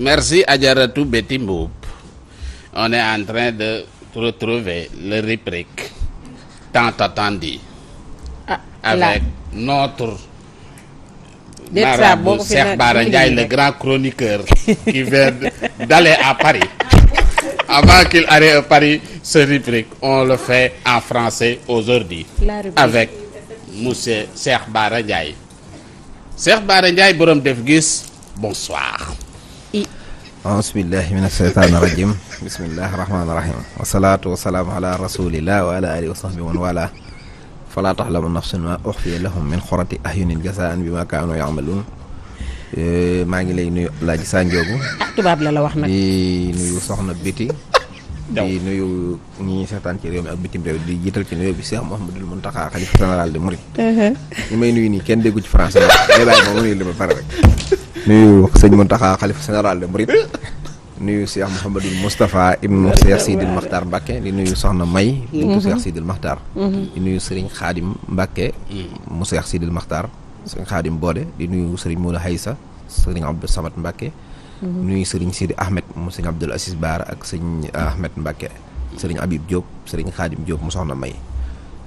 merci Adjaratou Betty on est en train de retrouver le réplique tant attendu ah, avec notre marabout le grand chroniqueur qui vient d'aller à Paris avant qu'il arrive à Paris ce réplique on le fait en français aujourd'hui avec monsieur Serh Bara Cheikh Bara Ndiaye borom def gis bonsoir بسم الله من الشيطان الرجيم بسم الله الرحمن الرحيم والصلاة والسلام على رسول الله وعلى آله وصحبه ومن والاه فلا تحلم النفس ما أخفي لهم من خرة أهين الجزاء بما كانوا يعملون ماغي لي نوي لاجي سانجوغو تباب لا واخنا نوي بيتي di nuyu ñi seetaan ci réew mi ak bitim réew di jiital ci nuyu bi Cheikh Mouhamadul Mountakha xalifa général de Mouride. Uh-huh. ñu may nuyu nii kenn déggu ci français day bàyyi moom nuyu li ma pare rek. nuyu sëñ Mountakha xalifa général de Mouride. nuyu Cheikh Mouhamadul Moustapha ibnu Cheikh Sidil Makhtar Mbacke di nuyu Soxna May. mu uh-huh. Cheikh Sidil Makhtar. Uh-huh. di nuyu Serigne Khadim Mbacke. mu Cheikh Sidil Makhtar. Serigne Khadim Bode di nuyu Serigne Moula Haysa Serigne Abdou Samad Mbacke. Mm-hmm. nuyu serigne Sidi Ahmed mu serigne Abdul Aziz bar ak serigne uh, Ahmed mbake serigne Habib Diop serigne Khadim Diop mu soxna May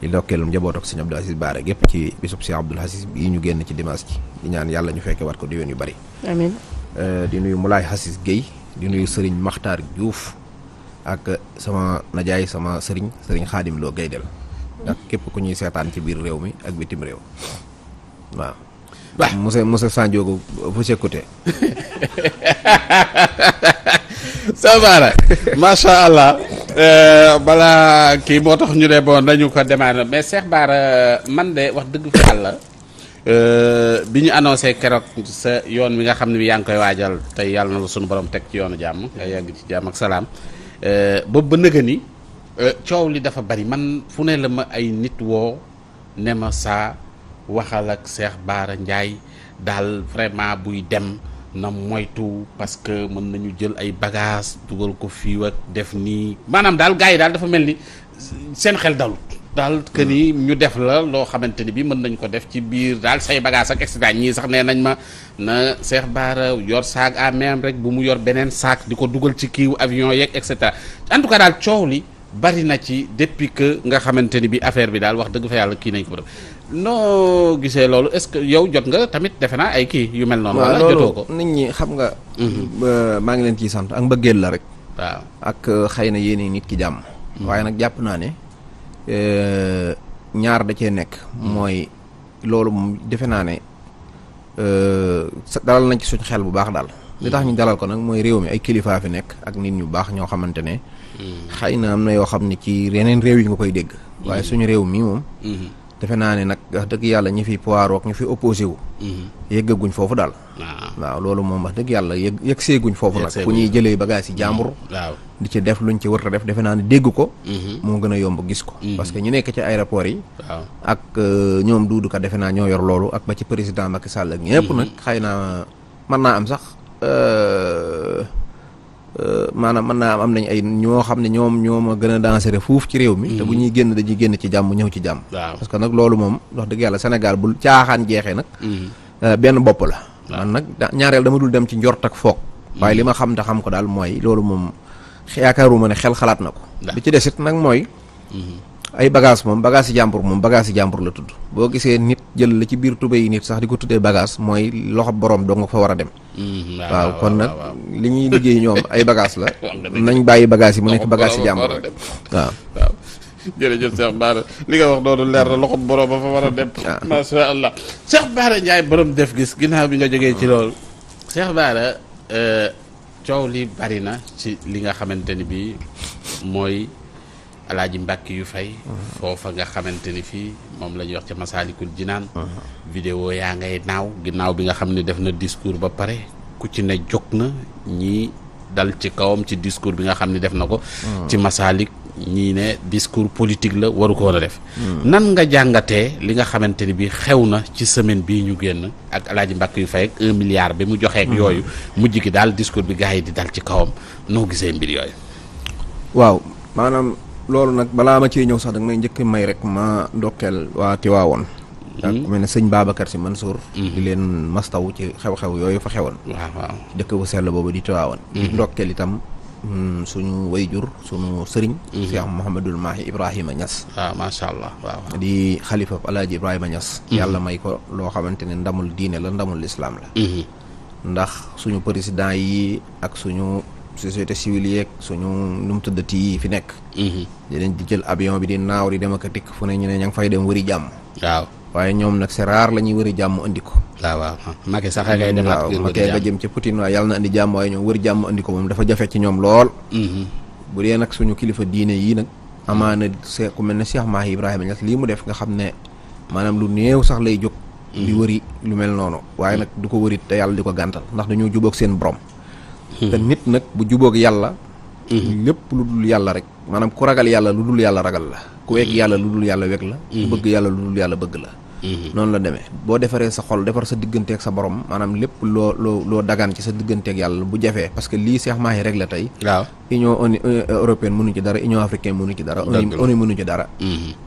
di ndokkeelum jabot ak serigne Abdul Aziz bar gep ci bisop si Abdul Aziz bi ñu genn ci dimanche ci di ñaan yalla ñu fekke wat ko yu bari amin eh, di nuyu Moulay Hassis gey di nuyu serigne Makhtar Diouf ak sama najay sama serigne serigne Khadim Lo Gaydel ak kep ku ñuy seetaan ci bir rew mi ak bitim rew waaw nah. waaw monsieur monsieur Sanjogo vous écoutez. ça va la macha allah euh, balaa kii boo tax ñu ne bon dañu ko démarrer mais Cheikh Bara euh, man de wax dëgg fa yàlla euh, bi ñu annoncé keroog sa yoon wi nga xam ne bi yaa ngi koy waajal tey yàlla na la sunu borom teg ci yoonu jàmm nga yàgg ci jàmm ak salaam boobu ba nëgë coow li dafa bari man fu ne la ma ay nit woo ne ma saa. waxal ak Cheikh baara Ndiaye daal vraiment buy dem na moytu parce que mën nañu jël ay bagages dugal ko fii ak def nii maanaam daal gars yi daal dafa mel ni seen xel dalut daal que ni ñu def la loo xamante ni bii mën nañ ko def ci biir daal say bagaas ak et cetera ñii sax nee nañ ma na Cheikh Bara yor saag à même rek bu mu yor beneen saak di ko dugal ci kiiw avion yi et cetera en daal coow li bari na ci depuis que nga xamante ni bi affaire bi daal wax dëgg fa yàlla kii nañ ko def noo gisee loolu est-ce que yow jot nga tamit defe naa ay kii yu mel noonu. wala ko nit ñi xam nga. Mhm. maa ngi leen ciy sant ak mbëggeel la rek. ak euh, xëy na yéene nit ki jàmm. Mhm. waaye nag jàpp naa ne euh, ñaar da cee nekk. Mhm. mooy loolu defe naa ne euh, dalal nañ ci suñ xel bu baax daal. li tax ñu dalal ko nag mooy réew mi ay kilifaa fi nekk ak nit ñu baax ñoo xamante ne. xëy na am na yoo xam ne ci yeneen réew yi nga koy dégg. waaye mm-hmm. suñu réew mii moom. Mm-hmm. defe naa ne nag wax dëgg yàlla ñu fi poireaux ak ñu fi opposé wu. Mm-hmm. yëggaguñ foofu daal. Ah. waaw loolu moom wax dëgg yàlla yëg yëg seeguñ foofu nag. fu ñuy jëlee bagage yi jàmbur. waaw di ci def ñu ci war a def defe naa ne dégg ko. moo gën a yomb gis ko. parce que ñu nekk ci aéroport yi. ak euh, ñoom duudu ka defe naa ñoo yor loolu ak ba ci président Macky Sall ak ñëpp nag xay naa mën naa am sax. Euh, Euh, maanaam mën naa am nañ ay ñoo xam ne ñoom ñoo ma gën a dangereux fuuf ci réew mi mm. te bu ñuy génn dañuy génn ci jàmm ñëw ci jàmm parce que nag loolu moom wax dëgg yàlla Sénégal bul caaxaan jeexee nag mm. euh, benn bopp la man nag ñaareel dama dul dem ci njort ak foog mm. waaye li ma xam te xam ko daal mooy loolu moom yaakaaruma ne xel xalaat na ko bi ci desit nag mooy mm-hmm. ay bagage mom bagage jambour mom moom bagage yi la tudd bo gisee nit jël la ci biir tubé nit sax diko tuddé bagage loxo borom do nga fa wara dem mm, waaw kon nak li ñuy liggéey ñoom ay bagage la nañ bayyi bagage yi mu nek bagage jambour waaw jere jere Cheikh Bara li nga wax do leer loxo borom ba fa wara dem dem sha Allah Cheikh Bara ñay borom def gis ginaaw bi nga joggé ci lool Cheikh Bara euh, ciow li bari na ci li nga xamanteni bi moy alaaji mbàkk yu fay foofa nga xamante ni fii moom la ñuy wax ca masaalikul jinaan vidéo yaa ngay naaw ginnaaw bi nga xam ne def na discours ba pare ku ci ne jóg na ñi dal ci kawam ci discours bi nga xam ne def na ko hmm. ci masaalik ñii ne discours politique la waru koo woon def hmm. nan nga jàngatee li nga xamante ni bi xew na ci semaine bii ñu génn ak alaaji mbàkk yu fay ak un milliard bi mu joxeek hmm. yooyu mujj gi daal discours bi gars yi di dal ci kawam noo gisee mbir loolu nag balaa ma ciy ñëw sax danga may njëkk may rek ma ndokkeel waa Tiwaawoon. Hmm. ak mel ne sëñ Babacar si Mansour. Hmm. di leen mastaw ci xew-xew yooyu fa xewoon. waaw waaw dëkk bu sell boobu di Tiwaawoon. Hmm. ndokkeel itam suñu jur suñu sëriñ. Cheikh Mouhamadul Mahi Ibrahima Niass. Ah, waaw macha allah waaw. di xalifa Alaaji Ibrahima Niass. yàlla may ko loo xamante ne ndamul diine la ndamul lislaam la. ndax suñu président yi ak suñu. société civile yeeg suñu nu mu tëddati yi fi nekk. Mhm. dinañ di jël avion bi di naaw di dem ak dikk fu ne ñu ne ña ngi fay dem wëri jàmm. waaw waaye ñoom nag c'est rare la ñuy wëri jàmm andi ko. waaw waaw Macky sax ngay demaat. ngir wëri jàmm jëm ci Poutine waaye yàlla na jàmm waaye ñoom wëri jàmm andi ko moom dafa jafe ci ñoom lool. Mhm. bu dee nag suñu kilifa diine yii nag. Mhm. amaana see ku mel ne Cheikh Mahi Ibrahima Niass lii mu def nga xam ne maanaam lu néew sax lay jóg. di wëri lu mel noonu. waaye nag du ko wërit te yàlla di ko gàntal ndax dañoo jubook seen borom Mm-hmm. te nit nag bu jubóog yàlla mm-hmm. lépp lu dul yàlla rek maanaam ku ragal yàlla lu dul yàlla ragal la ku wekk mm-hmm. yàlla lu dul yàlla wekk la bëgg yàlla lu dul yàlla bëgg la noonu la demee boo defaree sa xol defar sa digganteeg sa borom maanaam lépp loo loo loo dagaan ci sa digganteeg yàlla la bu jafee parce que lii Cheikh Mahi rek la tey waaw union euh, européenne mënu ci dara union africaine mënu ci dara ONU mënu ci dara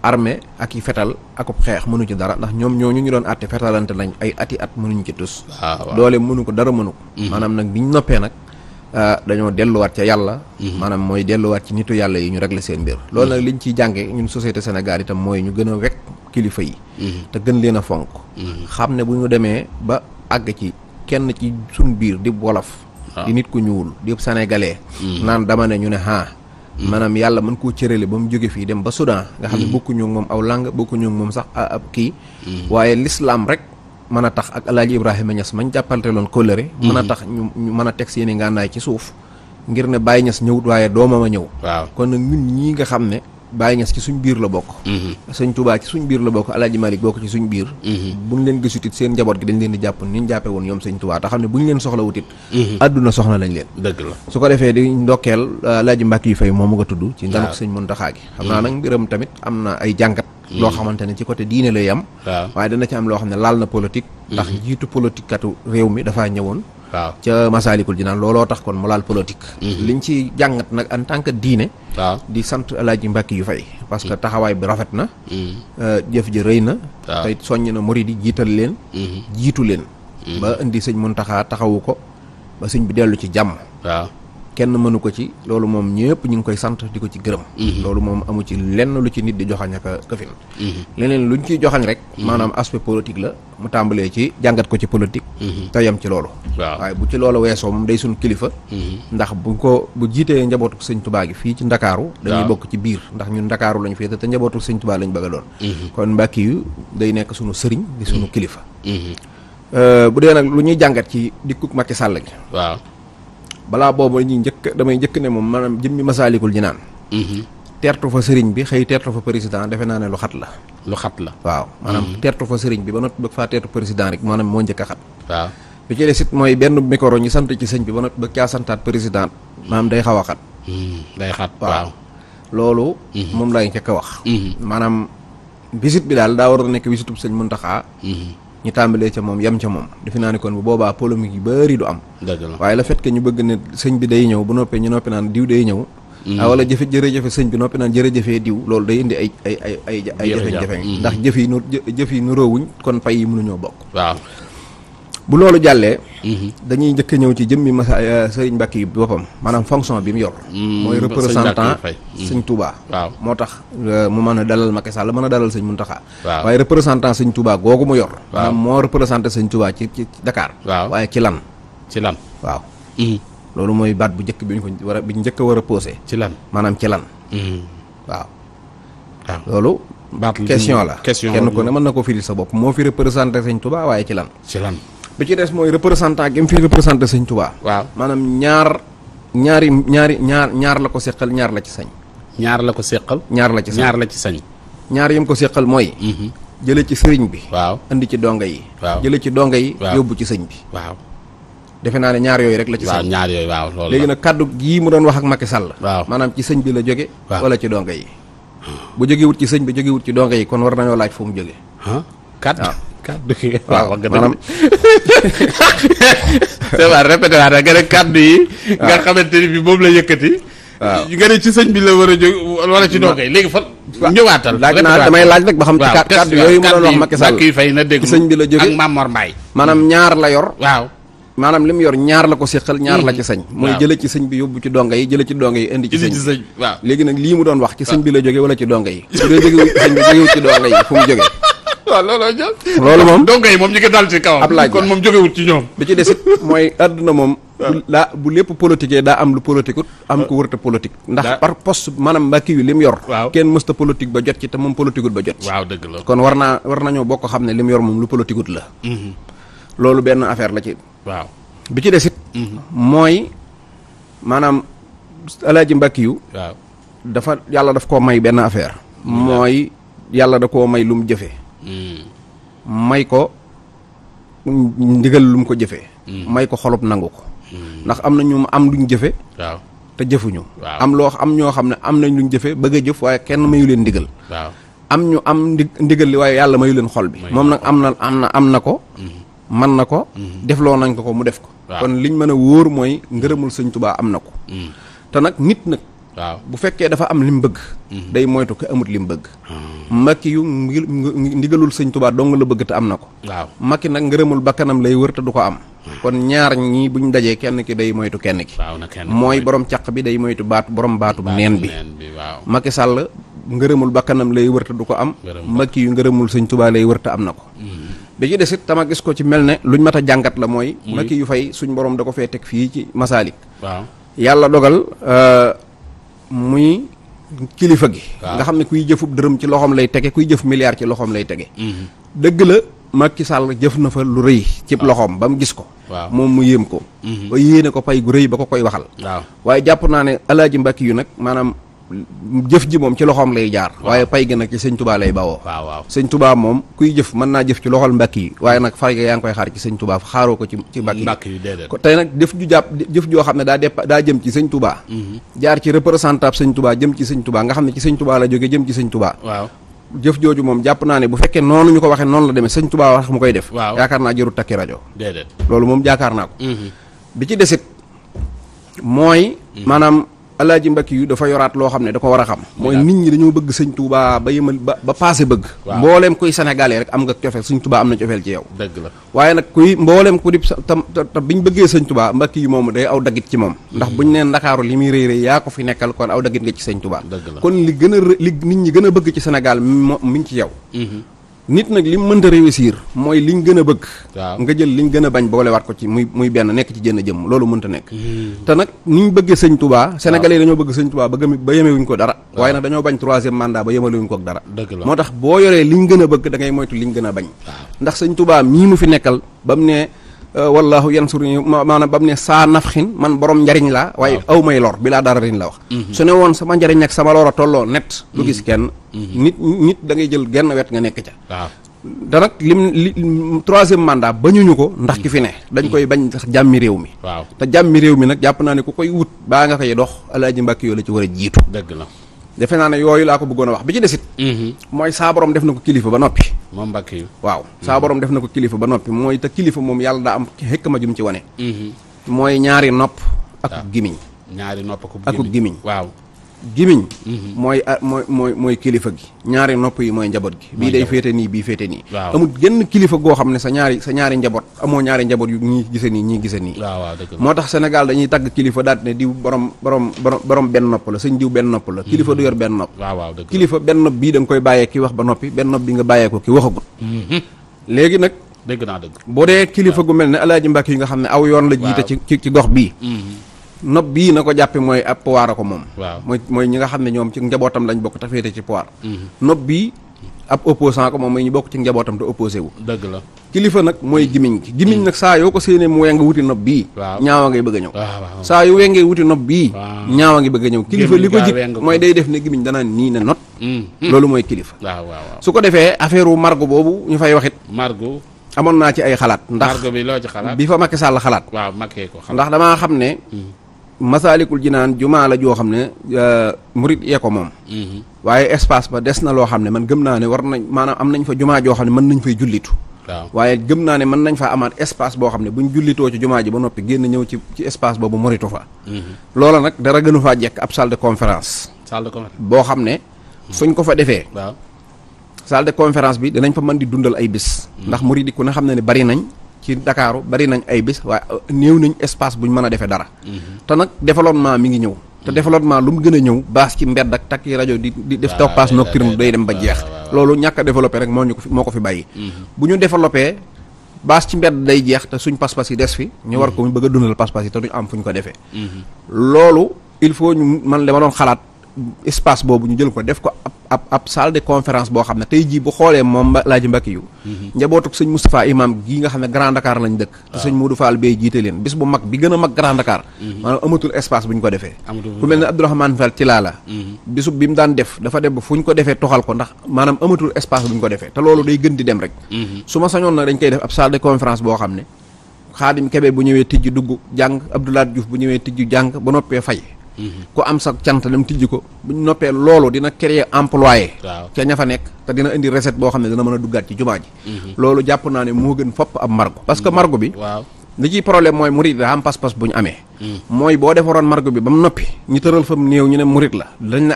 armée ak i fetal akub xeex mënu ci dara ndax ñoom ñoo ñu ñu doon atte fetalante nañ ay ati at mënuñ ci tus doole mënu ko dara mënu ko maanaam nag biñ noppee nag Ah, dañoo delluwaat ca yàlla mhm. maanaam mooy delluwaat ci nitu yàlla yi ñu la seen mbir loolu nag liñ ciy jànge ñun société Sénégal itam mooy ñu gën a wekk kilifa yi mhm. te gën leen a fonk mhm. xam ne bu ñu demee ba àgg ci kenn ci suñ biir di wolof ah. di nit ku ñuul di sénégalais naan dama ne ñu ne ah maanaam yàlla mën koo cërale ba mu jóge fii dem ba Soudan nga xam ne bokkuñu moom aw làng bokkuñu moom sax ah, ab kii waaye lislaam rek mën a tax ak alaaji Ibrahima Niass mañ jàppante loon kóllëre mhm. mën a tax ñu mën a teg seeni ngànnaay ci suuf ngir ne Baye Niass ñëwut waaye doomam a ñëw waaw kon nag ñun ñii nga xam ne Baye Niass ci suñ biir la bokk mhm. sëñ tubaa ci suñ biir la bokk Alaaji Malik bokk ci suñ biir mhm. buñ leen gisutit seen njaboot gi dañ leen di jàpp ni ñu jàppe woon ñoom sëñ Touba te xam ne bu ñu leen soxla wutit mhm. àdduna soxna lañ leen dëgg la su ko defee di ndokkeel euh, Alaaji Mbàkke yu fay moom nga tudd ci ndanuk sëñ Muntaxaa gi xam naa nag mbiram tamit am na ay jàngat loo xamante ne ci côté diine lay am waaye dana ci am loo xam ne laal na politique ndax jiitu politique réew mi dafaa ñëwoon waaw ca Masaalikul Jinaan looloo tax kon mu laal politique. Mhm. liñ ci jàngat nag en tant que diine. waaw di sant El Hadj Mbacke yu fay. parce que mhm. taxawaay bi rafet na. Mhm. Euh, jëf ja rëy na. waaw tey soññ na murid yi jiital leen. jiitu leen. ba indi sëñ mun taxaa taxawu ko ba sëñ bi dellu ci jàmm. kenn mënu ko ci loolu moom ñëpp ñu ngi koy sant di ko ci gërëm mhm. loolu moom amu ci lenn lu ci nit di joxañ aka këfin mhm. leneen luñ ciy joxañ rek mhm. maanaam aspect politique la mu tàmbalee ci jàngat ko ci politique te yem ci loolu waaye bu ci loolu weesoo day suñ kilifa ndax bu ko bu jiitee njabootu sëñ tubaa gi fii ci ndakaaru dañuy bokk ci biir ndax ñun ndakaaru lañu féete te njabootu sëñ tubaa lañ a doon kon mbàkki yu day nekk suñu sëriñ di suñu kilifa euh, bu nag lu ñuy jàngat ci dikkuk Macky Sall gi balaa boobu ñu njëkk damay jëkk ne moom maanaam jëmmi masaalikul ji naan mhm. teertu fa sëriñ bi xëy teertu fa président defe naa ne lu xat la lu xat la waaw maanaam mhm. teertu fa sëriñ bi ba noppi bëgg faa teertu président rek maanaam moo njëkk a xat waaw bi ci mooy benn micro ñu sant ci sëñ bi ba noppi bëgg caa président maanaam day xaw a xat mhm, day xat waaw loolu moom laay njëkk a wax maanaam visite bi daal daa war a nekk visitub sëñ Muntaxa ñu tàmbalee ca moom yem ca moom defe naa ne kon bu boobaa polémique yu bëri du am waaye le fait que ñu bëgg ne sëñ bi day ñëw bu noppee ñu noppi naan diw day ñëw mm-hmm. ah wala jëfe jërëjëfe sëñ bi noppi naan jërëjëfee diw loolu day indi ay ay ay ay ay jafe-jafe mm-hmm. ndax jëf yi nu jëf yi nu kon pay yi mënuñoo bokk waaw bu lolou jalle mhm. dañuy njëkk ñëw ci jëmmi ma euh, serigne Mbacke bopam manam fonction bi mu yor moy mhm. représentant serigne Touba motax mu mën dalal Macky Sall mën dalal serigne Muntaxa waye représentant serigne Touba gogu mu yor manam mo représenté serigne Touba ci Dakar waye ci lan ci lan waaw mhm. loolu moy bat bu jëk biñ ko wara biñ jëk wara war posé ci lan manam ci lan waaw loolu bat question la question kenn ko ne man nako ko firil sa bop mo fi représenté serigne Touba waye ci lan ci lan bi ci des mooy représentant gi mu fi représenté sëñ Touba. waaw maanaam ñaar ñaari ñaari ñaar ñaar la ko seqal ñaar la ci sañ. ñaar la ko seqal. ñaar la ci sañ ñaar la ci sañ. ñaar yi ko seqal mooy. Mhm. jële ci sëriñ bi. waaw indi ci donga yi. waaw jële ci donga yi. yóbbu ci sëñ bi. waaw defe naa ne ñaar yooyu rek la ci. waaw ñaar yooyu waaw léegi nag kàddu gii mu doon wax ak Macky Sall. waaw maanaam ci sëñ bi la jóge. wala ci donga yi. Hmm. bu wut ci sëñ bi jógewut ci donga yi kon war nañoo laaj fu mu jóge. ah kaddu yi waaw wax nga maanaam c'est vrai répété nga ne kaddu yi nga xamante ni bi moom la yëkkati waaw nga ne ci sëñ bi la war a jóg wala ci doog léegi fan ñëwaatal laaj naa damay laaj rek ba xam ci kaddu yooyu mu doon wax Macky Sall kii fay na dégg sëñ jóge ak maanaam ñaar la yor waaw maanaam li mu yor ñaar la ko séqal ñaar la ci mm-hmm. sëñ mooy jële ci sëñ bi yóbbu ci donga yi jële ci donga yi indi ci sëñ waaw léegi nag lii mu doon wax ci sëñ bi la jóge wala ci donga yi su dee jóge ci bi jógewut donga yi fu mu jóge waaw looloo jël. loolu moom donc moom ñu ko dal ci kawam. ab laaj kon moom jógewut ci ñoom. bi ci desit mooy àdduna moom. bu lépp politique daa am lu politique am ko wërta ndax par poste maanaam mbàkki yu lim yor. waaw kenn mësta politique ba jot ci te moom politique ba jot ci. waaw dëgg la kon naa war nañoo bokk xam ne lim yor moom lu mm-hmm. loolu benn affaire la ci. waaw bi ci desit. Mm-hmm. mooy maanaam alaaji mbàkki yu. dafa yàlla daf koo may benn affaire. mooy yàlla da koo may lu mu jëfee. may ko ndigal lu mu ko jëfee mm. may ko xolub nangu ko mm. ndax am na ñu am luñ jëfe waaw te jëfuñu am loo am ñoo xam ne am nañ luñ jëfe bëgg a jëf waaye kenn mayu leen ndigal waaw am ñu am ndi ndigal li waaye yàlla mayu leen xol bi moom nag am na am na am na ko mm-hmm. man na ko mm-hmm. defloo nañ ko ko mu def ko kon liñ mën a wóor mooy ngërëmul sëñ tubaa am na ko mm. te nag nit nag waaw bu fekkee dafa am lim bëgg. Mhm. day moytu ko amut lim bëgg. Ah. Macky yu ndigalul sëñ Tuubaa dong la bëgg te am na ko. waaw Macky nag ngërëmul bakkanam lay wër du ko am. Hmm. kon ñaar ñii buñ dajee kenn ki day moytu kenn ki. mooy borom caq bi day moytu baatu borom baatu neen bi. Macky Sall ngërëmul bakkanam lay wër du ko am. Macky yu ngërëmul sëñ Tuubaa lay wër te am na ko. Hmm. bi ci desit tama gis ko ci mel ne luñ mat a jàngat la mooy. Macky yu fay suñ borom da ko fee teg fii ci Masaalik. waaw yàlla dogal. Euh, muy kilifa gi. nga xam ne kuy jëfub dërëm ci loxoom lay tege kuy jëf milliard ci loxoom lay tege. Mhm. dëgg la Macky Sall jëf na fa lu rëy. cib loxoom ba mu gis ko. moom mu yéem ko. Mhm. ba yéene ko pay gu rëy ba ko koy waxal. waaye jàpp naa ne alaaji Mbàkke yu nag maanaam. jëf ji moom ci loxoom lay jaar waaye pay gi nag ci sëñ tubaa lay bawoo waaw waaw sëñ tubaa moom kuy jëf mën naa jëf ci loxol mbàkk yi waaye nag fay ga yaa ngi koy xaar ci sëñ tubaa xaaroo ko ci ci mbàkk yi tey nag jëf ju jàpp joo xam ne daa depp daa jëm ci sëñ tubaa mhm. jaar ci représentable sëñ tubaa jëm ci sëñ tubaa nga xam ne ci sëñ tubaa la jógee jëm ci sëñ tubaa waaw jëf jooju moom jàpp naa ne bu fekkee noonu ñu ko waxee noonu la demee sëñ tubaa wax mu koy def yaakaar naa jëru takki rajo déedéet loolu moom jaakaar naa ko mhm. bi ci desit mooy mhm. alaaji mbakki yu dafa yoraat loo xam ne da ko war a xam mooy nit ñi dañoo bëgg sëñ Touba ba yemal ba ba passé bëgg mbooleem kuy sénégalais rek am nga cofeel suñ Touba am na cofeel ci yow dëgg la waaye nag kuy mbooleem ku di tam tam biñ bëggee sëñ Touba mbakki yu moom day aw daggit ci moom ndax buñ neen ndakaaru li muy réy réy yaa ko fi nekkal kon aw daggit nga ci sëñ Touba kon li gën a li nit ñi gën a bëgg ci Sénégal mi ngi ci yow mm-hmm. nit nag li mu mënta réussir mooy li ñu gën a bëgg. nga jël ñu gën a bañ boolewaat ko ci muy muy benn nekk ci a jëm loolu mënta nekk. Hmm. te nag ni ñu bëggee sëñ Touba. Sénégalais dañoo bëgg sëñ Touba ba gëm ba yemewuñ ko dara. waaye nag dañoo bañ troisième mandat ba yemalewuñ ko ak dara. moo tax boo yoree liñ gën a bëgg da ngay moytu liñ gën a bañ. ndax sëñ tubaa mii mu fi nekkal ba mu ne Euh, wallahu yansuru maanaam ba mu ne saa nafxin man borom njariñ la waaye aw may lor bi laa dara riñ la wax mhm. su ne woon sama njariñ ak sama lor a tolloo net du gis mhm. kenn mhm. nit nit da jël genn wet nga nekk ca danag lim li troisième mandat bañuñu ko ndax ki fi ne dañ koy bañ sax jàmmi réew mi waaw te jàmmi réew mi nag jàpp naa ne ku koy wut baa nga koy dox alaaji mbàkki yoo la ci war a jiitu dëgg la defe naa ne yooyu laa ko bëggoon wax bi ci desit mhm. mooy saaborom borom def na ko kilifa ba noppi moom Mbàkke waaw saa def na ko kilifa ba noppi mooy te kilifa moom yàlla daa am xëkk ma jum ci wane mhm. mooy ñaari nopp ak gimiñ ñaari nopp ak gimiñ waaw gémmiñ mhm. mooy ah, mooy mooy mooy kilifa gi ñaari nopp yi mooy njaboot gi bii day féete nii bii féete nii amul genn kilifa goo xam ne sa ñaari sa ñaari njaboot amoo ñaari njaboot yu ñii gise nii ñii gise nii moo tax Sénégal dañuy tagg kilifa daal ne diw borom borom borom benn nopp la sëñ diw benn nopp la kilifa du mhm. yor benn nopp kilifa benn nopp bii da koy bàyyee ki wax ba noppi benn nopp bi nga bàyyee ko ki waxagut mhm. léegi nag dëgg naa dëgg boo dee kilifa gu mel ne alaaji Mbàkke yi nga xam ne aw la jiite ci ci gox bii nob bii na ko jàppe mooy ab puwaar a ko moom waaw mooy mooy ñi nga xam ne ñoom ci njabootam lañ bokk te féete ci puwaar mhm. nob bii ab opposant ko moom mooy ñu bokk ci njabootam te opposé wu dëgg la kilifa nag mooy gimiñ gi gimiñ nag saa yoo ko séenee mu weng wuti nob bii ñaawa ngay bëgg a ñëw saa yu wengee wuti nob bii ñaawa ngi bëgg ñëw kilifa li ko jik mooy day def ne gimiñ danaan nii ne not mhm. loolu mooy kilifa waaw su ko defee affaire wu margo boobu ñu fay waxit margo amoon naa ci ay xalaat ndax bi loo ci xalaat bi fa xalaat waaw Macky ko xalaat ndax damaa xam ne mhm. masaalikul naan jumaa la joo xam ne euh, murit yee ko moom mhm. waaye espace ba des na loo xam ne man gëm naa ne war nañ maanaam am nañ fa jumaa joo xam ne mën nañ fay jullitu waaye gëm naa ne mën nañ fa amaat espace boo xam ne buñ jullitoo ci jumaa ji ba noppi génn ñëw ci ci espace boobu muritu fa mhm. loola nag dara gënu faa jekk ab salle de conférence salle de boo xam ne suñ ko fa defee salle de conférence bi danañ fa mën di dundal ay bis mhm. ndax murit yi ku ne xam ne ne bari nañ ci Ndakaaru bari nañ ay bis waaye euh, néew nañ espace buñ mën a defee dara. Mhm. te nag développement mi ngi ñëw. te mhm. développement lu mu gën a ñëw baas ci mbedd ak takki rajo di di def tapage nocturne day dem ba jeex. loolu ñàkk a développé rek moo ñu ko fi moo ko fi bàyyi. Mhm. bu ñu développé baas ci mbedd day jeex te suñ pas-pas yi des fi. ñu war ko bëgg a dundal pas-pas yi te duñ am fu ñu ko defee. loolu il faut ñu man li ma doon xalaat. espace boobu ñu jël ko def ko ab ab ab boo xam ne tey jii bu xoolee moom laaj mbakki yu mhm. njabootuk sëñ Moustapha imam gii nga xam ne Grand Dakar lañ dëkk te sëñ Modou Fall bay jiite leen bis bu mag bi gën a mag Grand Dakar mhm. maanaam amatul espace bu ñu ko defee ku mel ne Abdourahmane Fall Tilala mhm. bisu bi mu daan def dafa dem ba fu ñu ko defee toxal ko ndax maanaam amatul espace bu ñu ko defee te loolu day gën di dem rek su ma sañoon nag dañ koy def ab salle de conférence boo xam ne Xaadim Kebe bu ñëwee tijj dugg jàng Abdoulaye Diouf bu ñëwee tijj jàng ba noppee fay ku am sa cant dem tijji ko bu ñu noppee loolu dina créer employé ca ña fa nekk te dina indi recette boo xam ne dina mën a duggaat ci jumaa ji mhm. loolu jàpp naa ne moo gën fopp ab margo parce que mhm. margo bi li ciy problème mooy murit daa am pas-pas bu ñu amee. mooy boo defaroon margo bi ba mu noppi ñu tëral fa mu néew ñu ne murit la dañ na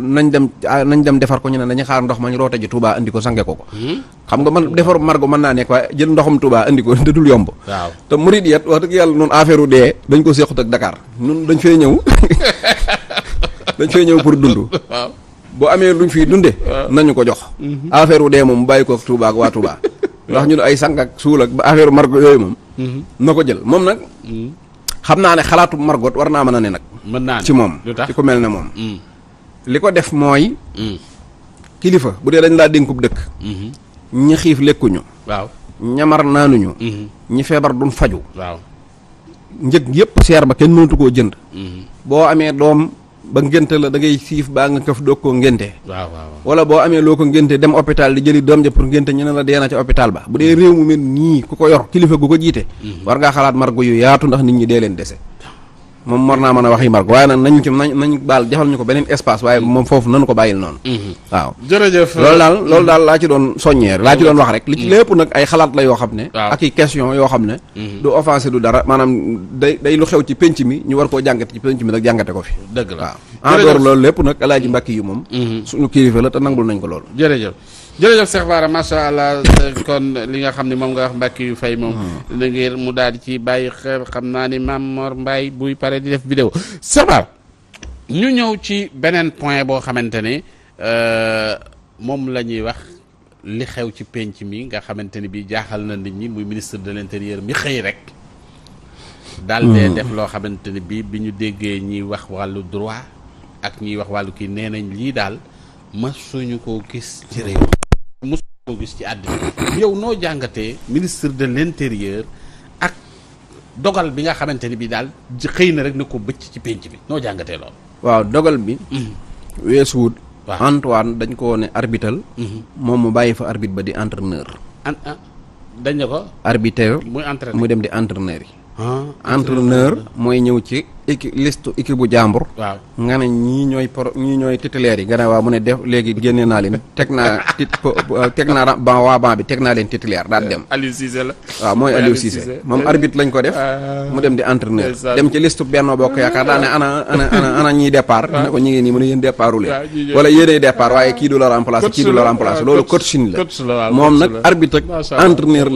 nañ dem nañ dem defar ko ñu ne dañu xaar ndox ma ñu roote ji Touba andi ko sange ko ko. Hmm? xam nga man defar margo mën naa nekk waaye jël ndoxum Touba andi ko te dul yomb. waaw te murit yet wax dëgg yàlla noonu affaire dee dañ ko seexut ak dakaar ñun dañ fee ñëw dañ fee ñëw pour dund. boo amee luñ fiy dunde nañu ko jox. Hmm. affaire dee moom bàyyi ko ak Touba wax ñu ne ay sang ak suul ak ba affaire margot yooyu moom. Mhm. na ko jël moom nag. Mhm. xam naa ne xalaatu margot war naa mën na ne nag. mën naa ne ci moom ci ku mel ne moom. Mhm. li ko def mooy. kilifa bu dee dañ laa dénkub dëkk. ñi xiif lekkuñu. waaw ñamar naanuñu. ñi feebar duñ faju waaw njëg yëpp seer ba kenn mënatu koo jënd. boo amee doom. ba ngénte la dangay ngay siif baa nga këf doo ko ngénte waaw waaw wala boo amee loo ko ngénte dem hôpital di jëli doom ja pour ngénte ñu ne la deena ca hôpital ba bu dee réew mu mel nii ku ko yor kilifa ku ko jiite mm-hmm. war ngaa xalaat margo yu yaatu ndax nit ñi dee leen dese moom war naa mën a wax yi marko waaye nag nañu ci nañ nañ baal defal ñu ko beneen espace waaye mm-hmm. moom foofu nañu ko bàyyil noonu mm-hmm. waaw jërëjëf mm-hmm. loolu daal laa ci doon soññeer laa ci doon wax rek lépp nag ay xalaat la yoo xam ne ak i question yoo xam ne du offensé du dara maanaam day day lu xew ci pénc mi ñu war koo jàngate ci pénc mi nag jàngate ko fi dëgg la waaw en dehors loolu lépp nag alaaji mbàkki yu moom suñu kilifa la te nangul nañ ko loolu jërëjëf Cheikh baara macha allah kon li nga xam ne moom nga wax mbàkk yu fay moom. da hmm. ngir mu daal ci bàyyi xel xam naa ni maam Mor Mbaye buy pare di def vidéo sabab ñu ñëw ci beneen point boo xamante ne euh, moom la ñuy wax li xew ci penc mi nga xamante ni bii jaaxal na nit ñi muy ministre de l'intérieur mi xëy rek. daal dee hmm. def loo xamante ni bii bi ñu déggee ñi wax wàllu droit ak ñi wax wàllu kii nee nañ lii daal. suñu ko gis ci réew masuñu koo gis ci àddina yow noo jàngatee ministre de l'intérieur ak dogal bi nga xamante ni bi daal xëy na rek ne ko bëcc ci pénc bi noo jàngatee lool waaw dogal bi mm-hmm. weesuwut waaw Antoine dañ ko ne arbitral mm-hmm. moom mu bàyyi fa arbitre ba di entraîneur an dañ ne ko arbitre muy dem di entraîneur yi entraîneur mooy ñëw ci équipe liste équipe bu jàmbur waaw nga ne ñii ñooy pro ñii ñooy titulaire yi nga ne mu ne def léegi génne naa leen teg naa euh, teg naa ban waa ban bi teg naa leen titulaire daal dem Aliou Cissé la Aliou Cissé arbitre lañ ko def euh, mu dem di entrepreneur, dem ci liste benno bokk yaakaar daa ne ana ana ana ana ñii départ ah. ne ko ñi ngi nii mu ne yéen départu leen wala yéenay départ waaye kii du la remplacer kii du la remplacer loolu coaching la moom arbitre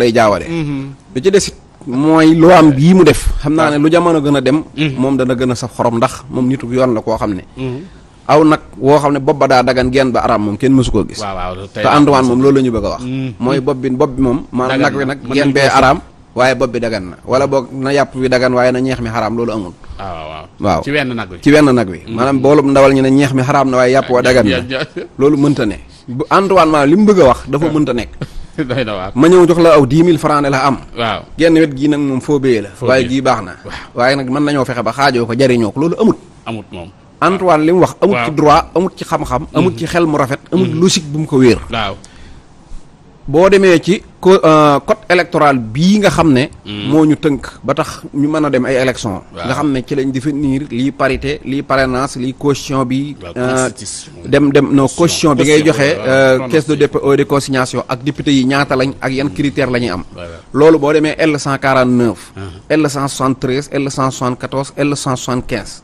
lay jaawale mm-hmm. ci mooy lu am bii mu def ah. xam naa ne lu jamono gën a dem mm-hmm. moom dana gën a saf xorom ndax moom nitu yoon la koo xam ne mm-hmm. aw nag woo xam ne bopp ba daa dagan gen ba araam moom kenn mësu koo gis te anduwaan moom loolu la ñu bëgg a wax mm-hmm. bopp bi moom maanaam nag wi nag genn bee araam waaye bopp na wala boog na yàpp bi waaye na ñeex mi xaraam loolu amul ah, waaw wenn nag wi ci wenn nag wi maanaam boolub ndawal ñu ne ñeex mi xaraam na waaye yàpp wa dagan na loolu mënta ne anduwaan maanaam li mu bëgg a wax dafa ah. mënta nekk doy na waaw ma ñëw jox la aw dix mille franc ne la am. waaw genn wet gii nag moom foo béyee la. foo waaye gii baax na. waaye nag mën nañoo fexe ba xaajoo ko jariñoo ko loolu amut. amut moom. Antoine li mu wax. amut ci droit amut ci xam-xam. amut ci xel mu rafet. amut logique bu mu ko wéer. waaw bo démé ci euh, code électoral bi nga xamné hmm. mo ñu teunk ba tax ñu mëna a dem ay élections. nga xamné ci lañ définir li parité li parrainage li caution euh, bi. dem dem no caution bi ngay joxé euh, caisse de dépôt de consignation ak député yi ñaata lañ ak yan critères lañ am. lolu bo démé L 149. Uh-huh. L 173 L 174 L 175.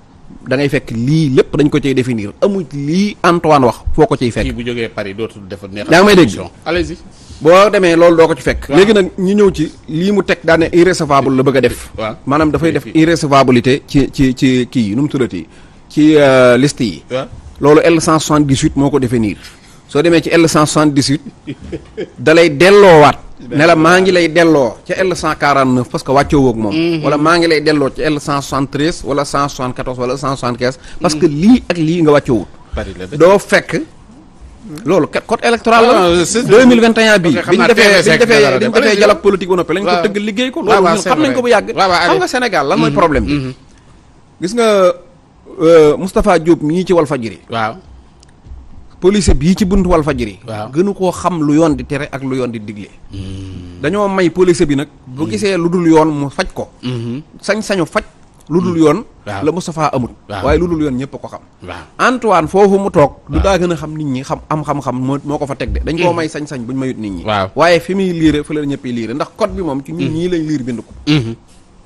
da ngay fekk lii lépp dañ ko ciy définir amuñ lii Antoine wax foo ko ciy fekk. kii bu jógee Paris neex. yaa ngi may dégg allez-y. boo demee loolu doo ko ci fekk léegi nag ñu ñëw ci lii mu teg daane irrécevable la bëgg a def maanaam dafay def irrécevabilité ci ci ci kii nu mu tuddati ci euh, liste yi loolu L 178 moo ko définir soo demee ci L 178 da lay delloowaat ne la maa ngi lay delloo ca L 149 parce que wàccoo woog moom mm-hmm. wala maa ngi lay delloo ca L 173 wala 174 wala 175 parce que lii ak lii nga wàccoowut doo fekk loolu kat code électoral la. c' est vrai 2021 bii. bi ñu defee e bi ñu defee dialogue politique ba noppi lañ ko tëgg liggéey ko. waaw waaw loolu xam nañ ko bu yàgg. xam nga Sénégal lan mooy mm-hmm. problème bi. Mm-hmm. gis nga euh, Moustapha Diop mii ci Walfadjri. waaw police bii ci buntu Walfadjri. waaw gënu koo xam lu yoon di tere ak lu yoon di digle. Mm. dañoo may police bi nag. bu mm. gisee lu dul yoon mu faj ko. Mm-hmm. sañ-sañu faj. lu dul yoon la Moustapha amut waaye lu dul yoon ñëpp a ko xam Antoine foofu mu toog du daa gën a xam nit ñi xam am xam-xam moo moo ko fa teg de dañ koo mm. may sañ-sañ buñ mayut nit ñi waaye fi muy liire fa la ñëpp liire ndax code bi moom ci ñun mm. ñii lañ liir bind ko mm-hmm.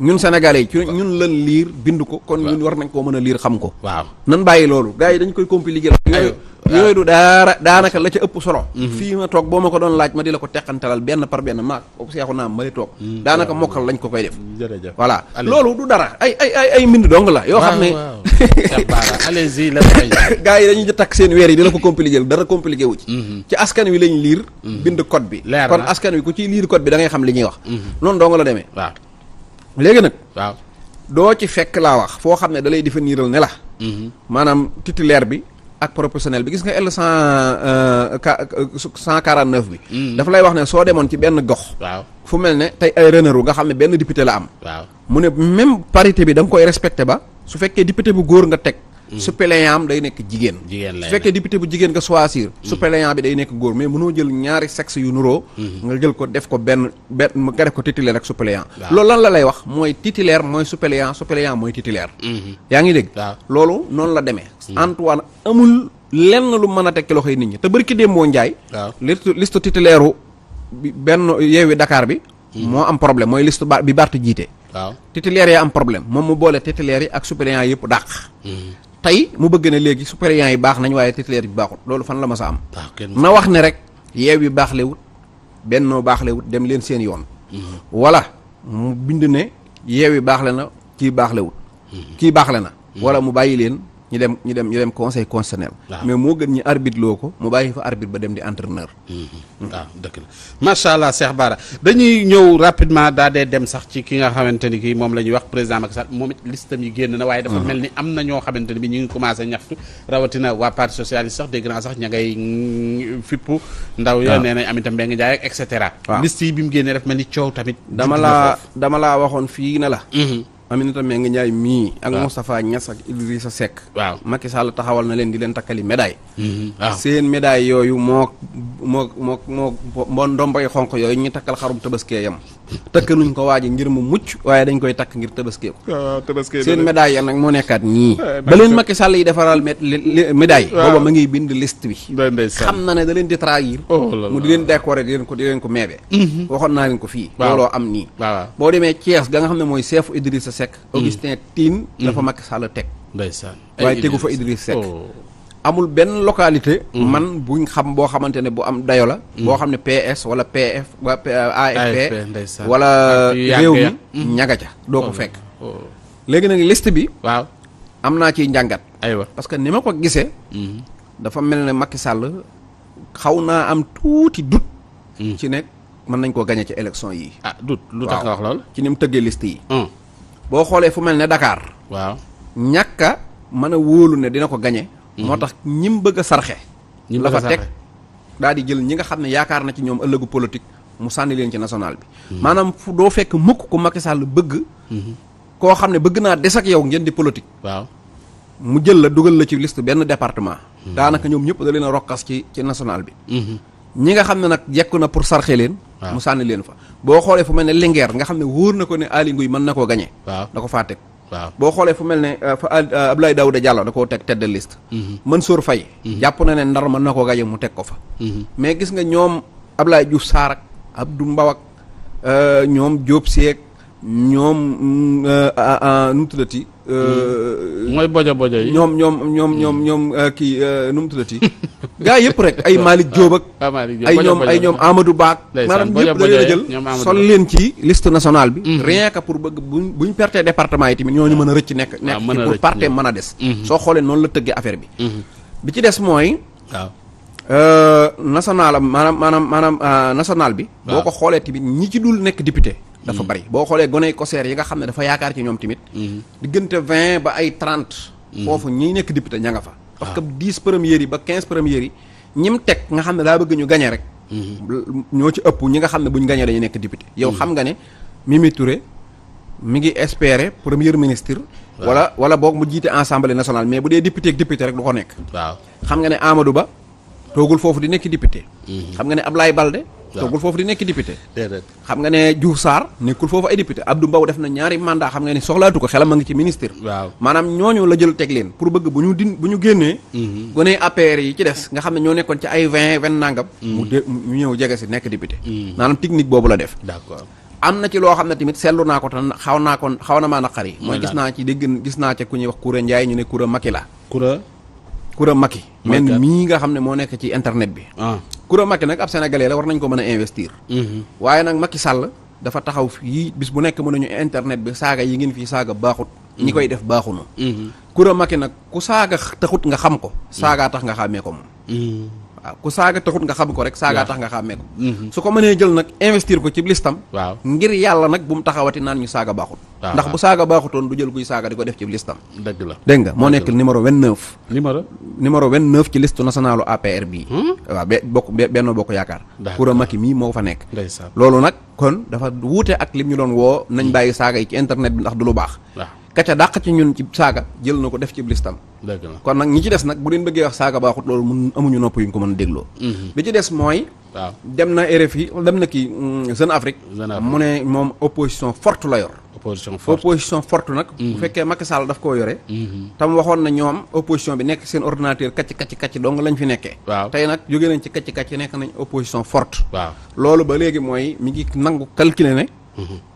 ñun sénégalais yi ci ñun lan liir bind ko kon ñun war nañ koo mën a liir xam ko waaw nan bàyyi loolu gars yi dañ koy compliquer yooyu yooyu du daara daanaka la ca ëpp solo mhm. fii ma toog boo ma ko doon laaj ma di la ko teqantalal benn par benn maag ko seexu naa mali toog mhm. daanaka mokkal lañ ko koy def voilà loolu du dara ay ay ay ay mbind dong la yoo xam ne allez-y la gars yi dañuy takk seen weer yi dina ko compliqué dara compliqué wu ci mhm. ci askan wi lañ liir bind code bi kon askan wi ku ciy liir code bi da ngay xam li ñuy wax noonu dong la demee waaw léegi nag waaw doo ci fekk laa wax foo xam ne da lay définiral ne la maanaam titulaire bi ak proportionnel bi gis nga L cent euh, cent quarante neuf bi. Hmm. dafa lay wax ne soo demoon ci benn gox. waaw fu mel ne tey ay renard nga xam ne benn député la am. waaw mu ne même parité bi da koy respecté ba su fekkee député bu góor nga teg. Mm-hmm. suppléant am day nekk jigen su fekke ya. député bu jigen nga choisir suppléant bi day nek góor mais seks jël ñaari sexe yu nuro mm-hmm. nga jël ko def ko ben ben mu def ko titulaire ak suppléant loolu lan la lay wax moy titulaire moy suppléant suppléant moy titulaire mm-hmm. yaa ngi dégg loolu la démé Antoine amul lenn lu mëna tek loxoy nit ñi te barki déem boo njaay liste titulaire ben yewi Dakar bi mo am problème moy liste bi Barth jité waaw titulaire ya am problème mom mu bolé titulaire yi ak suppléant yépp dak tey mu bëgg ne léegi suppléants yi baax nañ waaye titulaire bi baaxul loolu fan la ma sa am ah, na wax ne rek yeew yi baax lewut bennoo baax dem leen seen yoon mhm. wala mu bind ne yeew yi baaxle na kii mhm. baax kii baaxle na mhm. wala mu bàyyi leen ñu dem ñu dem ñu dem conseil constitutionnel. Ah. mais moo gën ñu arbitre loo ko mu bàyyi fa arbitre ba dem di entraîneur. waaw mm-hmm. ah, macha allah Cheikh Bara dañuy ñëw rapidement daa dee dem sax ci ki nga xamante ni kii moom la ñuy wax président Macky Sall moom it listam yi génn na waaye dafa mm-hmm. mel ni am na ñoo xamante ni bi ñu ngi commencé ñaxtu rawatina waa parti socialiste sax dégg naa sax ña ngay fippu ndaw ya ah. nee nañ amitam Mbengue Ndiaye ak et cetera. liste yi bi mu génnee daf mel ni coow tamit. dama laa dama laa waxoon fii na la. Mm-hmm. Aminata Mbengue Ndiaye mii. ak Moustapha Niass ak Idrissa Seck. waaw Macky Sall taxawal na leen di leen takkali médaille. Mhm. waaw seen médaille yooyu moo moo moo moo moo ndombay xonq yooyu ñu takkal xarum tabaskee yam takkaluñ ko waaji ngir mu mucc waaye dañ koy takk ngir tabaskee ah, ko. seen médaille ya nag moo nekkaat ñii. Eh, ba leen Macky Sall yi defaral médaille. waaw booba ma ngi bind liste bi. xam na ne da leen di trahir. Oh, mu di leen décorer di leen ko di leen ko meebe. Mhm. waxoon naa leen ko fii. mooy seefu Seck. Mm. Augustin Tine. dafa mm-hmm. Macky Sall teg. ndeysaan waaye tegu fa Idriss Seck. Oh. amul benn localité. Mm-hmm. man buñ xam boo xamante ne bu am dayo la. Mm-hmm. boo xam ne PS wala PF wala AFP. wala réew mi ñaga ca doo ko oh, fekk. Oh. léegi nag liste bi. waaw am naa ciy njàngat. aywa parce que ni ma ko gisee. dafa mel ne Macky sàll xaw naa am tuuti dut. Mm. ci nekk mën nañ koo gañe ci élection yi. ah dut lu tax nga wax lool. ci ni tëggee liste yi. Mm. boo xoolee fu mel ne dakaar waaw ñàkk a mën a wóolu ne dina ko gañe mhm. moo tax ñim bëgg sarxe. ñim la fa teg daal di jël ñi nga xam ne yaakaar na ci ñoom ëllëgu politique mu sànni leen ci national bi. Mhm. maanaam fu doo fekk mukk ku Macky Sall bëgg. Mhm. koo xam ne bëgg naa des ak yow ngeen di politique. waaw mu jël la dugal la ci liste benn département. daanaka ñoom ñëpp da rokkas ci ci national bi. ñi nga xam ne nag yekku na pour sarxe leen. mu sànni leen fa boo xoolee fu mel ne Linguère nga xam ne wóor na ko ne Aly Ngouille mën na koo gañe da ko faa teg boo xoolee fu mel ne euh, fa euh, Abdoulaye Daouda Diallo da koo teg tête de liste mhm. Mansour fay mhm. jàpp na ne Ndar mën na koo gañe mu teg ko fa mhm. mais gis nga ñoom Abdoulaye Diouf Sarr ak Abdou Mbaw ak euh, ñoom jóob Seck ñoom nu mu Euh, mooy bojo bojo yi. ñoom ñoom ñoom ñoom ñoom hmm. euh, kii euh, nu mu tuddati. gaa yëpp rek ay Malick Diop ak. Ah, ay ñoom ay ñoom Amadou Ba. maanaam ñëpp da leen a jël sol leen ci liste national bi. Hmm. rien que pour bëgg buñ buñ perte département yi tamit ñooñu mën a rëcc nekk. nekk ci pour parté mën a des. Hmm. soo xoolee noonu la tëggee affaire bi. bi ci des mooy. waaw national maanaam maanaam maanaam national bi. boo ko xoolee tamit ñi ci dul nekk député. dafa hmm. bari boo xoolee gone Koseer yi nga xam ne dafa yaakaar ci ñoom tamit. Hmm. diggante vingt ba ay trente. Hmm. foofu ñi nekk député ña nga fa. Ah. parce que dix premières yi ba quinze premières yi ñim teg nga xam ne daa bëgg ñu gañe rek. ñoo ci ëpp ñi nga xam ne buñ gañee dañuy nekk député. yow xam nga ne Mimi Touré mi ngi espérer premier ministre. wala wala boog mu jiite assemblée nationale mais bu dee député ak rek du ko nekk. waaw xam nga ne Amadou Ba. toogul foofu di nekk député. Mhm. xam nga ne Ablaye Balde. toogul foofu di nekk député. xam nga ne Diouf saar nekkul foofu ay député du Mbow def na ñaari mandat xam nga ne soxlaatu ko xelam a ngi ci ministre. waaw maanaam ñooñu la jël teg leen pour bëgg bu ñu din bu ñu génnee. Mhm. gone APR yi ci des nga xam ne ñoo nekkoon ci ay vin vingt nangam. Mhm. mu de mu ñëw jege si nekk député. maanaam technique boobu la def. d'accord. am na ci loo xam ne tamit seetlu naa ko te xaw naa ko xaw na maa naqari. mooy gis naa ci dégg gis naa ca ku ñuy wax Koura Ndiaye ñu ne Koura Makila. Koura Koura Macky men mii nga xam ne moo nekk ci internet bi ah. Koura Macky nag ab sénégalais la war nañ ko mën a investir mhm. waaye nag Macky Sall dafa taxaw fii bis bu nekk mën nañu internet bi saaga yi ngeen fii saaga baaxut ñi mhm. koy def baaxunu mhm. Koura Macky nag ku saaga taxut nga xam ko saagaa tax nga xàmmee ko moom waaw ku saaga taxut nga xam ko rek saagaa tax nga xàmmee ko mm-hmm. su ko mënee jël nag investir ko ci listam waaw ngir yàlla nag bu mu taxawati naan ñu saaga baaxut ah, ndax ah. bu saaga baaxutoon du jël kuy saaga di ko def ci listam dëgg la dégg nga moo nekk numéro 29 numéro numéro 29 ci liste nationalu APR bii hmm? waaw be bokk benn bokk yaakaar pour a Macky mii moo fa nekk loolu nag kon dafa wuute ak lim ñu doon woo nañ hmm. bàyyi saaga yi ci internet bi ndax du lu baax ka ca dàq ñun ci saaga jël na ko def ci listam kon nag ñi ci des nag bu leen bëggee wax saaga baaxut loolu mun amuñu nopp yu ñu ko mën a dégloo bi mhm. ci des mooy waaw dem na RFI dem na kii mm, Jeune Afrique mu ne moom opposition fort la yor opposition forte opposition forte nag mhm. bu fekkee Macky Sall daf koo yore mhm. tam waxoon na ñoom opposition bi nekk seen ordinateur kacc kacc kacc dong lañ fi nekkee waaw tey nag jógee nañ ci kacc kacc nekk nañ opposition forte waaw loolu ba léegi mooy mi nangu calculer ne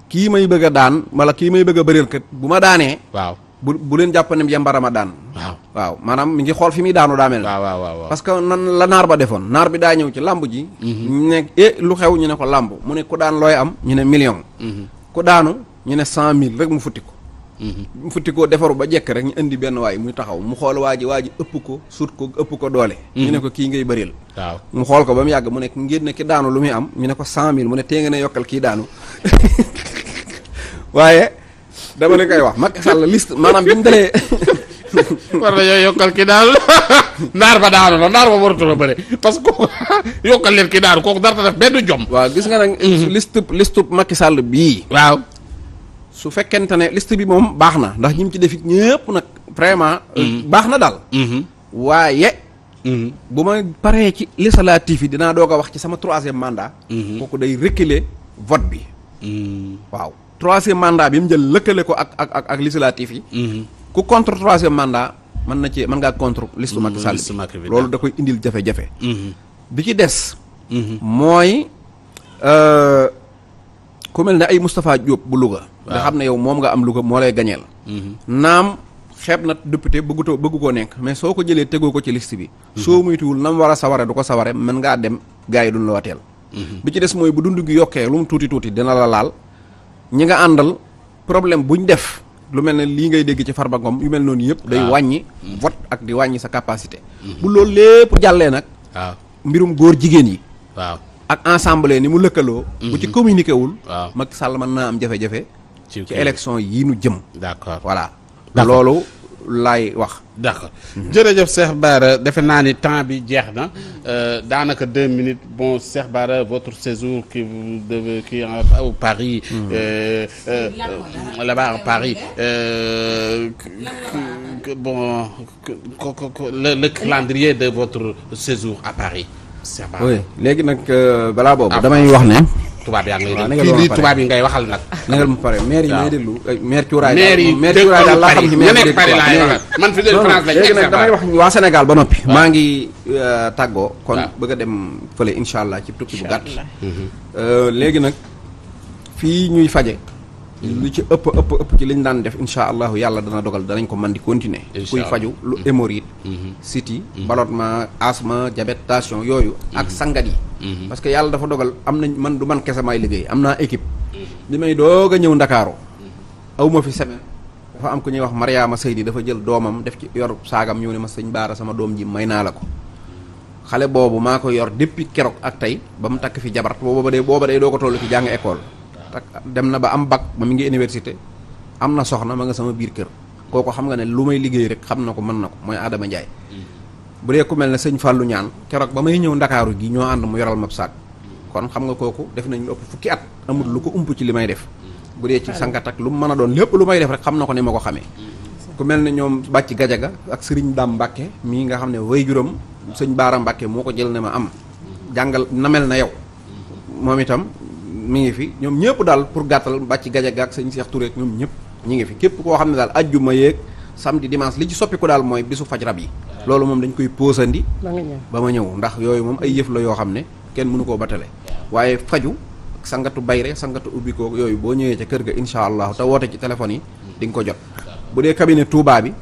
kii may bëgg a daan wala kii may bëgg a bëreel kat bu ma daanee. waaw bu bu leen jàpp ne yembara ma daan. waaw waaw maanaam mi ngi xool fi muy daanu daa mel. waaw parce que nan la naar ba defoon naar bi daa ñëw ci làmb ji. ñu mhm. ne eh lu xew ñu ne ko làmb mu ne ku daan looy am ñu ne million. Mhm. ku daanu ñu ne cent mille rek mu futti ko. Mhm. mu futti ko defaru ba jekk rek ñu indi benn waay muy taxaw mu xool waa ji waa ëpp ko sut ko ëpp ko doole. ñu ne ko kii ngay bëril. waaw mu xool ko ba mu yàgg mu ne ngeen ne ki daanu lu muy am ñu ne ko cent mille mu ne tee nga ne yokkal kii daanu waaye dama leen kay wax Macky Sall liste maanaam bi mu dalee. war na yooyu yokkal ki daal naar ba daanu la naar ba waratu la bëre parce que yokkal leen ki daanu kooku darta def benn jom. waaw gis nga nag. Mhm. liste liste Macky Sall bii. waaw. su fekkente ne liste bi moom baax na ndax ñi mu ci def it ñëpp nag vraiment. Mhm. baax na daal. Mhm. waaye. bu ma paree ci législatif yi dinaa doog a wax ci sama troisième mandat. kooku day reculer vote bi. waaw. troisième mandat bi mu jël lekkale ko ak ak ak ak législatif yi. Mhm. ku contre troisième mandat man na ci man nga contre listu Macky Sall mhm. lolu da koy indil jafe-jafe. Mhm. bi ci des. euh ku melni ay Moustapha Diop bu Louga. nga xamne yow mom nga am Louga mo lay gañeel. nam xeb na député bëggu bëggu koo mais soko ko jëlee ko ci liste bi. soo nam wara sawaré saware du ko saware dem gaay duñ la wateel. bi ci des moy bu dundu gi yoké lu mu tuti tuti dina la laal ñi nga andal problème buñ def lu melni li ngay dégg ci farba yu mel non yépp day wañi vote ak di wañi sa capacité mm. bu loolu lépp jallé nak waaw mbirum goor jigen yi waaw ak ensemble ni mu lëkkaloo bu ci mm-hmm. communiquer wul mak Sall man na am jafé jafé ci élection yi ñu jëm d'accord voilà lolu lay wax. d'accord jerejeuf Cheikh Bara defe naa ni temps bi jeex na euh, danaka 2 minutes bon Cheikh Bara votre séjour qui vous devez qui en Paris. euh, hmm. euh, euh là-bas en Paris. euh bon le le calendrier de votre séjour à Paris. Cheikh Bara oui léegi nag bala bobu ah. damay wax né tubaab yaa ngay dégg fii lii tubaab yi ngay waxal nag. na ma pare maire yi may déglu. Eh, maire cuuraay maire cuuraay daal laa xam ne nekk Paris laay waxal man fi damay wax waa Sénégal ba noppi. maa ngi euh, tàggoo. kon bëgg a dem fële incha allah ci tukki bu gàtt. Mhm. Euh, léegi nag fii ñuy faje lu ci ëpp ëpp ëpp ci liñ daan def insha allahu yàlla dana dogal danañ ko man di continuer kuy faju lu mm-hmm. hémorroïde mm-hmm. siti mm-hmm. ballottement asthme diabète tension yooyu ak sangat yi parce que yàlla dafa dogal am nañ man du man kese may liggéey am naa équipe li may doog a ñëw ndakaaro awma fi semaine dafa am ku ñuy wax Mariama Seydi dafa jël doomam def ci yor saagam ñëw ne ma sëñ Baara sama doom ji may naa la ko xale boobu maa ko yor depuis keroog ak tey ba mu takk fi jabar booba day booba day doo ko toll ci jàng école ak dem na ba am bac ba mi ngi université am na soxna ma nga sama biir kër kooku xam nga ne lu may liggéey rek xam na ko mën na ko mooy Adama Ndiaye hmm. bu dee ku mel ne sëñ Fallou ñaan keroog ba may ñëw ndakaaru gi ñoo ànd mu yoral mab saak kon xam nga kooku def nañ lu ëpp fukki at amul lu ko ump ci li may def hmm. bu dee ci sangat ak lu mu mën a doon lépp lu may def rek xam na ko ne ma ko xamee hmm. ku mel ne ñoom bàcc gajaga ak sëriñ daam Mbacke mii nga xam ne way juróom sëñ Baara Mbacke moo ko jël ne ma am jàngal namel na yow mi ngi fi ñom ñepp dal pour gàttal bàcc gajaga gak sëñ Cheikh Touré ñom ñepp ñi ngi fi képp ko xamné dal aljuma yek samedi dimanche li ci ko dal moy bisu fajr bi lolu mom dañ koy posandi ba ma ñew ndax yooyu mom ay yef la yo xamné ne kenn mënu ko batalé faju sangatu bayre sangatu ubi ko yooyu bo ñewé ci kër ga inshallah ta te ci téléphone yi di nga ko jot bu dé cabinet touba bi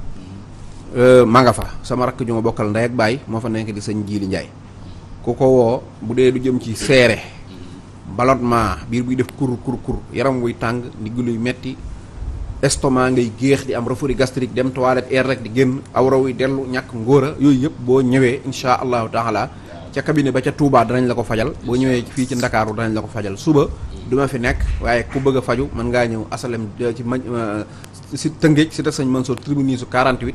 euh, ma nga fa sama rak ju ma bokkal ndey ak bay mo fa nekk di jili ndjay ko bu dé du jëm ci séré ballonnement biir buy def kur kur kur yaram wuy tàng gu luy metti estomac ngay géex di am reflux gastric dem toilette air rek di génn awra wuy dellu ñàkk ngóora yooyu yëpp boo ñëwee insha allahu taala ca cabinet ba ca Touba danañ la ko fajal boo ñëwee fii ci Ndakaaru danañ la ko fajal suba du fi nekk waaye ku bëgg a faju mën ngaa ñëw asalem euh, ci ma si euh, Tëngéej si ta sëñ Mansour tribunal su 48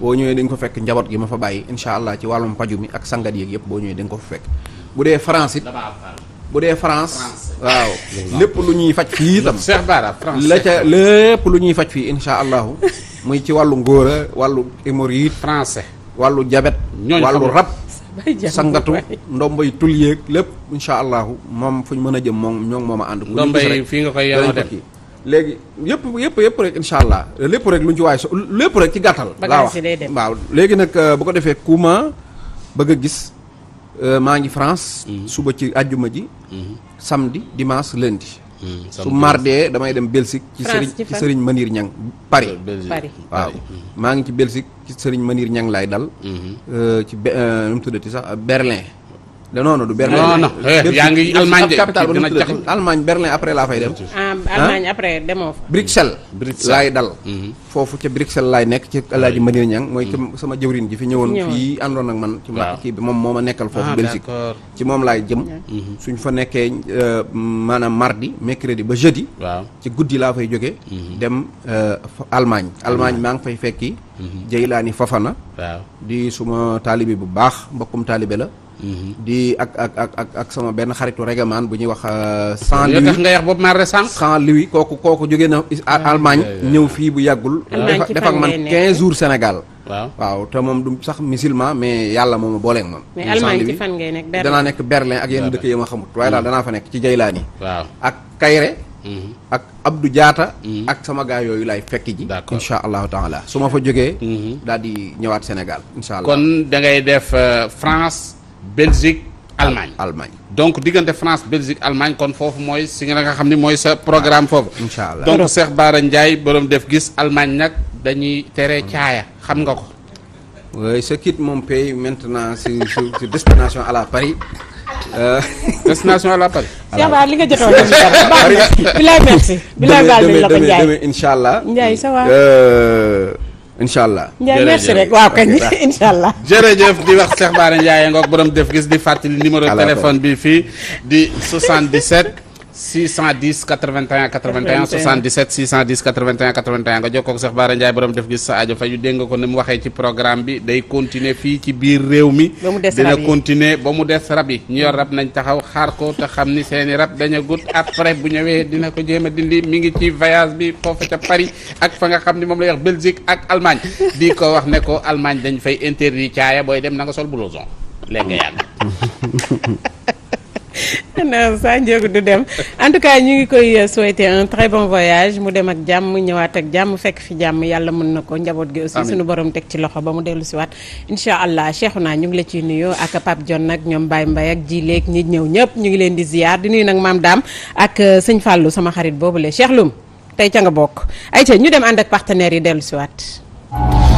boo ñëwee dañ ko fekk njaboot gi ma fa bàyyi insha allah ci wàllum paju mi ak sangat yéeg yëpp boo ñëwee dañ ko fa fekk bu dee France bu dee France waaw lépp lu ñuy faj fii itam Cheikh Bara France la ca lépp lu ñuy faj fii insha allahu muy ci wàllu ngóora wàllu hémorroïde français wàllu jabet wàllu rab sangatu ndombay tul yeeg lépp insha allahu moom fu ñu mën a jëm moom ñoom moom a ànd ku ndombay fii nga koy yeno def léegi yëpp yëpp yëpp rek insha allah lépp rek lu ñu ci waaye so lépp rek ci gàttal laa wax waaw léegi nag euh, bu ko defee kuma bëgg a gis Euh, maa ngi France. Mhm. suba ci àjjuma ji. Mhm. samedi dimanche lundi. Mhm, su mardee damay dem Belgique. ci sëriñ ci sëriñ Manir Ñang euh, Paris. waaw maa ngi ci Belgique ci sëriñ Manir Ñang laay dal. Euh, ci nu mu tuddati sax Berlin. non non du Berlin non non eh, ngi capital Berlin après laa fay dem ah, ah. Allemagne après demoo fa Bruxelles dal mhm. foofu ca Bruxelles lay nekk ci Alaaji Madina Ñang mhm. sama jëwrin ji fi ñëwoon fii àndoon ak man ci mbàkk bi moom moo nekkal foofu ah, Belgique ci jëm mhm. suñ fa euh, mardi mercredi ba jeudi ci guddi fay dem euh, Allemagne Allemagne maa fay fekki Fafana di suma taalibe bu baax mbokkum taalibe la Mm-hmm. di ak ak ak ak ak sama benn xaritu regaman bu ñu wax euh, sans Louis tax nga yax boobu marre sànq sans Louis kooku kooku jógee na ah, Allemagne ñëw fii bu yàggul def ak man 15 jours Sénégal waaw waaw te moom du sax musulman mais yàlla moom a booleeg moom. mais Allemagne ci fan ngay danaa nekk Berlin ak yenn dëkk yi ma xamut. waaye daal mm-hmm. danaa fa nekk ci Jaylaani. waaw ak Kayre. Mm-hmm. ak Abdou jaata ak sama gaa yooyu laay fekk ji. d'accord incha allahu taala su ma fa jógee. daal di ñëwaat Sénégal incha allah. kon da def euh, France. Belgique Allemagne Allemagne donc la France Belgique Allemagne kon que moy si nga programme ah, fofu. Inshallah. donc Cheikh Bara borom def gis Allemagne nak dañuy téré xam oui ce mon pays maintenant c'est destination à la Paris. Euh, destination à Paris. li nga incha allah Ndiaye merci rek waaw kañ incha allah jërëjëf di wax Cheikh Bara Ndiaye ngoog def gis di fàttali numéro téléphone bi fii di 77 610 81 81 77 610 81 81 nga jokkoo ak Cheikh Bara Ndiaye borom def gis sa aajo faju dégg nga ko ni mu waxee ci programme bi day continuer fii ci biir réew mi dina continuer ba mu des rab yi ñu yor rab nañ taxaw xaar ko te xam ni seeni rab daña gut après bu ñëwee dina ko jéem a dindi mi ngi ci voyage bi foofa ca Paris ak fa nga xam ni moom lay wax Belgique ak Allemagne di ko wax ne ko Allemagne dañ fay interdit caaya booy dem na nga sol blouson léegi nga yàgg non saa njëgu du dem en tout cas ñu ngi koy euh, souhaiter un très bon voyage mu dem ak jàmm ñëwaat ak jàmm fekk fi jàmm yàlla mën na ko njaboot gi aussi suñu borom teg ci loxo ba mu dellu si waat incha allah naa ñu ngi la ciy nuyu ak Pape jot nag ñoom Baye Mbaye ak Jileek ñi ñëw ñëpp ñu ngi leen di ziar di nuyu nag maam daam ak euh, sëñ Fallou sama xarit boobule Cheikh Loum tey ca nga bokk ayca ñu dem ànd ak partenaires yi dellu si waat